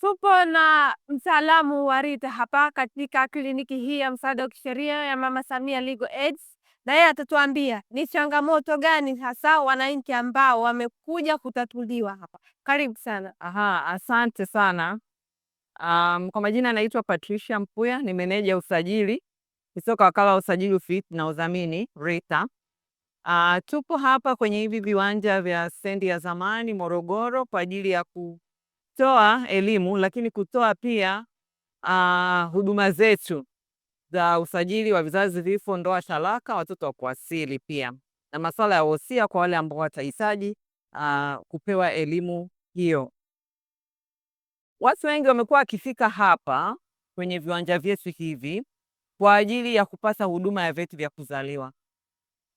Tupo na mtaalamu wa RITA hapa katika kliniki hii ya msaada wa kisheria ya Mama Samia Legal Aids, na yeye atatuambia ni changamoto gani hasa wananchi ambao wamekuja kutatuliwa hapa. Karibu sana. Aha, asante sana. Um, kwa majina naitwa Patricia Mpuya, ni meneja usajili kutoka wakala wa usajili ufiti na udhamini RITA. Uh, tupo hapa kwenye hivi viwanja vya stendi ya zamani Morogoro kwa ajili ya ku kutoa elimu lakini kutoa pia uh, huduma zetu za usajili wa vizazi, vifo, ndoa, talaka, watoto wa kuasili pia na masuala ya wosia kwa wale ambao watahitaji uh, kupewa elimu hiyo. Watu wengi wamekuwa wakifika hapa kwenye viwanja vyetu hivi kwa ajili ya kupata huduma ya vyeti vya kuzaliwa,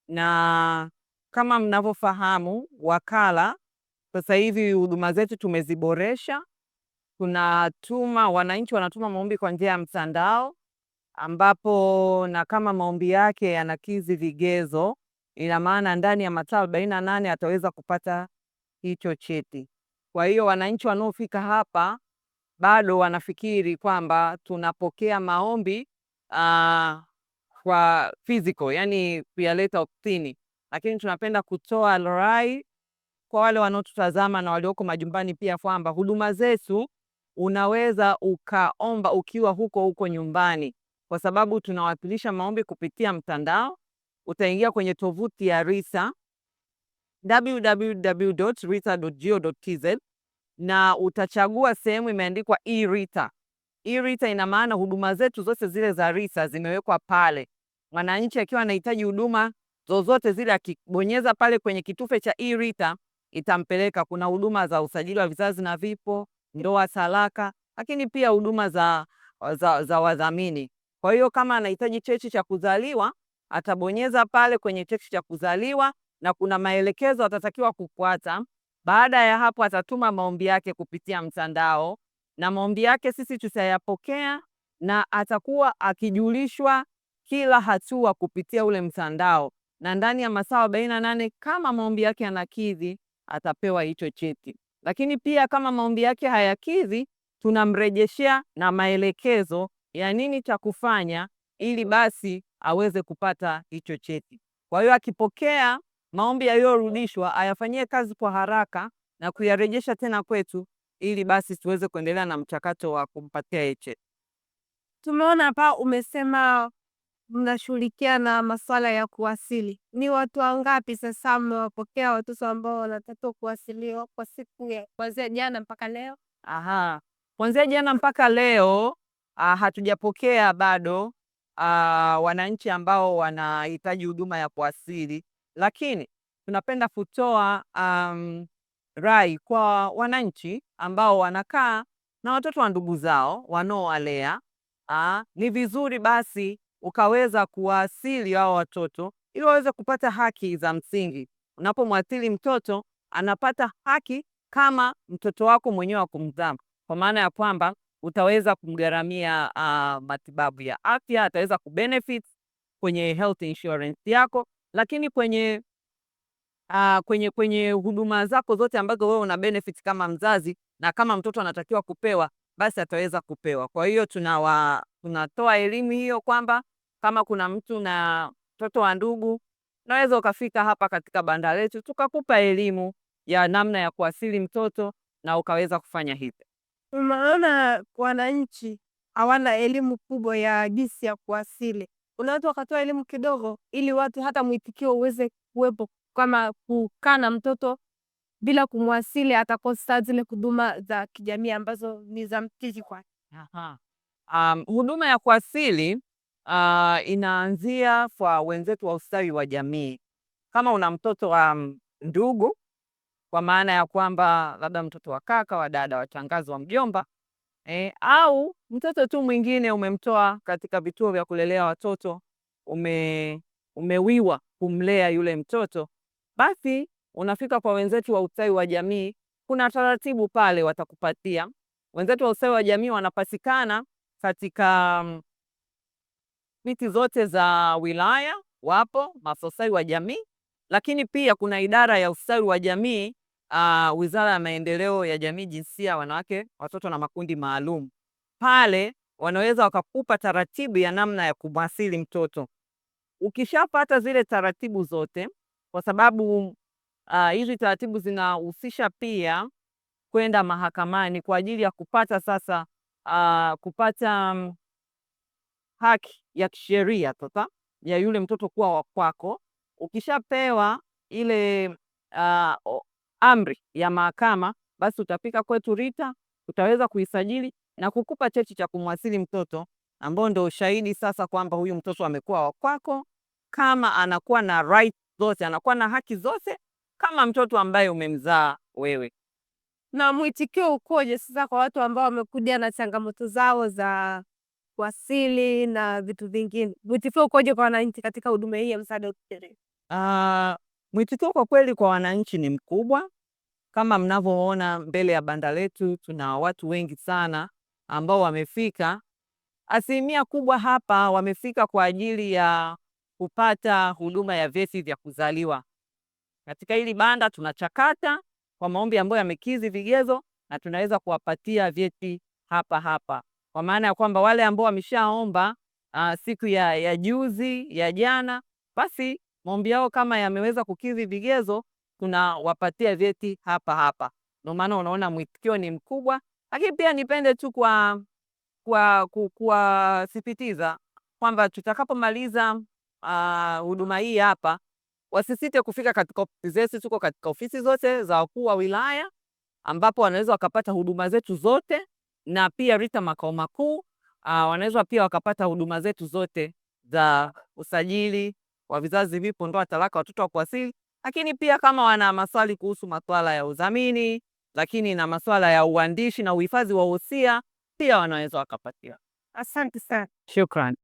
na kama mnavyofahamu wakala sasa hivi huduma zetu tumeziboresha, tunatuma wananchi wanatuma maombi kwa njia ya mtandao, ambapo na kama maombi yake yanakidhi vigezo, ina maana ndani ya masaa arobaini na nane ataweza kupata hicho cheti. Kwa hiyo wananchi wanaofika hapa bado wanafikiri kwamba tunapokea maombi uh, kwa physical, yani kuyaleta ofisini, lakini tunapenda kutoa rai kwa wale wanaotutazama na walioko majumbani pia kwamba huduma zetu unaweza ukaomba ukiwa huko huko nyumbani, kwa sababu tunawakilisha maombi kupitia mtandao. Utaingia kwenye tovuti ya RISA www.risa.go.tz na utachagua sehemu imeandikwa e-RITA. E-RITA ina maana huduma zetu zote zile za RISA zimewekwa pale. Mwananchi akiwa anahitaji huduma zozote zile akibonyeza pale kwenye kitufe cha e-RITA itampeleka. Kuna huduma za usajili wa vizazi na vipo ndoa, talaka, lakini pia huduma za, za, za wadhamini. Kwa hiyo kama anahitaji cheti cha kuzaliwa atabonyeza pale kwenye cheti cha kuzaliwa na kuna maelekezo atatakiwa kufuata. Baada ya hapo atatuma maombi yake kupitia mtandao na maombi yake sisi tutayapokea na atakuwa akijulishwa kila hatua kupitia ule mtandao, na ndani ya masaa arobaini na nane kama maombi yake yanakidhi, atapewa hicho cheti. Lakini pia kama maombi yake hayakidhi, tunamrejeshea na maelekezo ya nini cha kufanya ili basi aweze kupata hicho cheti. Kwa hiyo akipokea maombi yaliyorudishwa ayafanyie kazi kwa haraka na kuyarejesha tena kwetu ili basi tuweze kuendelea na mchakato wa kumpatia hicho cheti. Tumeona hapa umesema mnashughulikia na masuala ya kuwasili, ni watu wangapi sasa mmewapokea watoto ambao wanatakiwa kuwasiliwa kwa siku ya kuanzia jana mpaka leo? Aha, kuanzia jana mpaka leo ah, hatujapokea bado ah, wananchi ambao wanahitaji huduma ya kuwasili, lakini tunapenda kutoa um, rai kwa wananchi ambao wanakaa na watoto wa ndugu zao wanaowalea. Ah, ni vizuri basi ukaweza kuwaasili hao watoto ili waweze kupata haki za msingi. unapomwathili mtoto anapata haki kama mtoto wako mwenyewe wa kumzaa, kwa maana ya kwamba utaweza kumgharamia uh, matibabu ya afya, ataweza kubenefit kwenye health insurance yako, lakini kwenye uh, kwenye kwenye huduma zako zote ambazo wewe una benefit kama mzazi na kama mtoto anatakiwa kupewa, basi ataweza kupewa. Kwa hiyo tunawa tunatoa elimu hiyo kwamba kama kuna mtu na mtoto wa ndugu, unaweza ukafika hapa katika banda letu tukakupa elimu ya namna ya kuasili mtoto na ukaweza kufanya hivyo. Unaona, wananchi hawana elimu kubwa ya jinsi ya kuasili. Unaweza ukatoa elimu kidogo, ili watu hata mwitikio uweze kuwepo, kama kukaa na mtoto bila kumwasili atakosa zile huduma za kijamii ambazo ni za mtiji kwake. Um, huduma ya kuasili uh, inaanzia kwa wenzetu wa ustawi wa jamii. Kama una mtoto wa um, ndugu, kwa maana ya kwamba labda mtoto wa kaka, wa dada, wa shangazi, wa mjomba eh, au mtoto tu mwingine umemtoa katika vituo vya kulelea watoto, ume, umewiwa kumlea yule mtoto, basi unafika kwa wenzetu wa ustawi wa jamii. Kuna taratibu pale watakupatia. Wenzetu wa ustawi wa jamii wanapatikana katika um, tafiti zote za wilaya wapo maafisa wa jamii, lakini pia kuna idara ya ustawi wa jamii uh, Wizara ya Maendeleo ya Jamii, Jinsia, Wanawake, Watoto na Makundi Maalum. Pale wanaweza wakakupa taratibu ya namna ya kumwasili mtoto. Ukishapata zile taratibu zote, kwa sababu ah, hizi uh, taratibu zinahusisha pia kwenda mahakamani kwa ajili ya kupata sasa uh, kupata haki ya kisheria sasa ya yule mtoto kuwa wa kwako. Ukishapewa ile uh, amri ya mahakama, basi utapika kwetu RITA, utaweza kuisajili na kukupa cheti cha kumwasili mtoto, ambao ndio ushahidi sasa kwamba huyu mtoto amekuwa wa kwako, kama anakuwa na right zote, anakuwa na haki zote kama mtoto ambaye umemzaa wewe. Na mwitikio ukoje sasa kwa watu ambao wamekuja na changamoto zao za wasili na vitu vingine. Mwitikio ukoje kwa wananchi katika huduma hii ya msaada wa kisheria? Uh, ah, mwitikio kwa kweli kwa wananchi ni mkubwa. Kama mnavyoona mbele ya banda letu tuna watu wengi sana ambao wamefika. Asilimia kubwa hapa wamefika kwa ajili ya kupata huduma ya vyeti vya kuzaliwa. Katika hili banda tunachakata kwa maombi ambayo yamekidhi vigezo na tunaweza kuwapatia vyeti hapa hapa kwa maana ya kwamba wale ambao wameshaomba uh, siku ya, ya juzi ya jana, basi maombi yao kama yameweza kukidhi vigezo, tunawapatia vyeti hapa hapa. Ndio maana unaona mwitikio ni mkubwa, lakini pia nipende tu kwa kwa kuwasisitiza kwamba tutakapomaliza ah, huduma uh, hii hapa, wasisite kufika katika ofisi zetu. Tuko katika ofisi zote za wakuu wa wilaya, ambapo wanaweza wakapata huduma zetu zote na pia RITA makao makuu uh, wanaweza pia wakapata huduma zetu zote za usajili wa vizazi, vipo ndoa, talaka, watoto wa kuasili, lakini pia kama wana maswali kuhusu masuala ya udhamini, lakini na masuala ya uandishi na uhifadhi wa wosia pia wanaweza wakapatia Asante sana, shukran.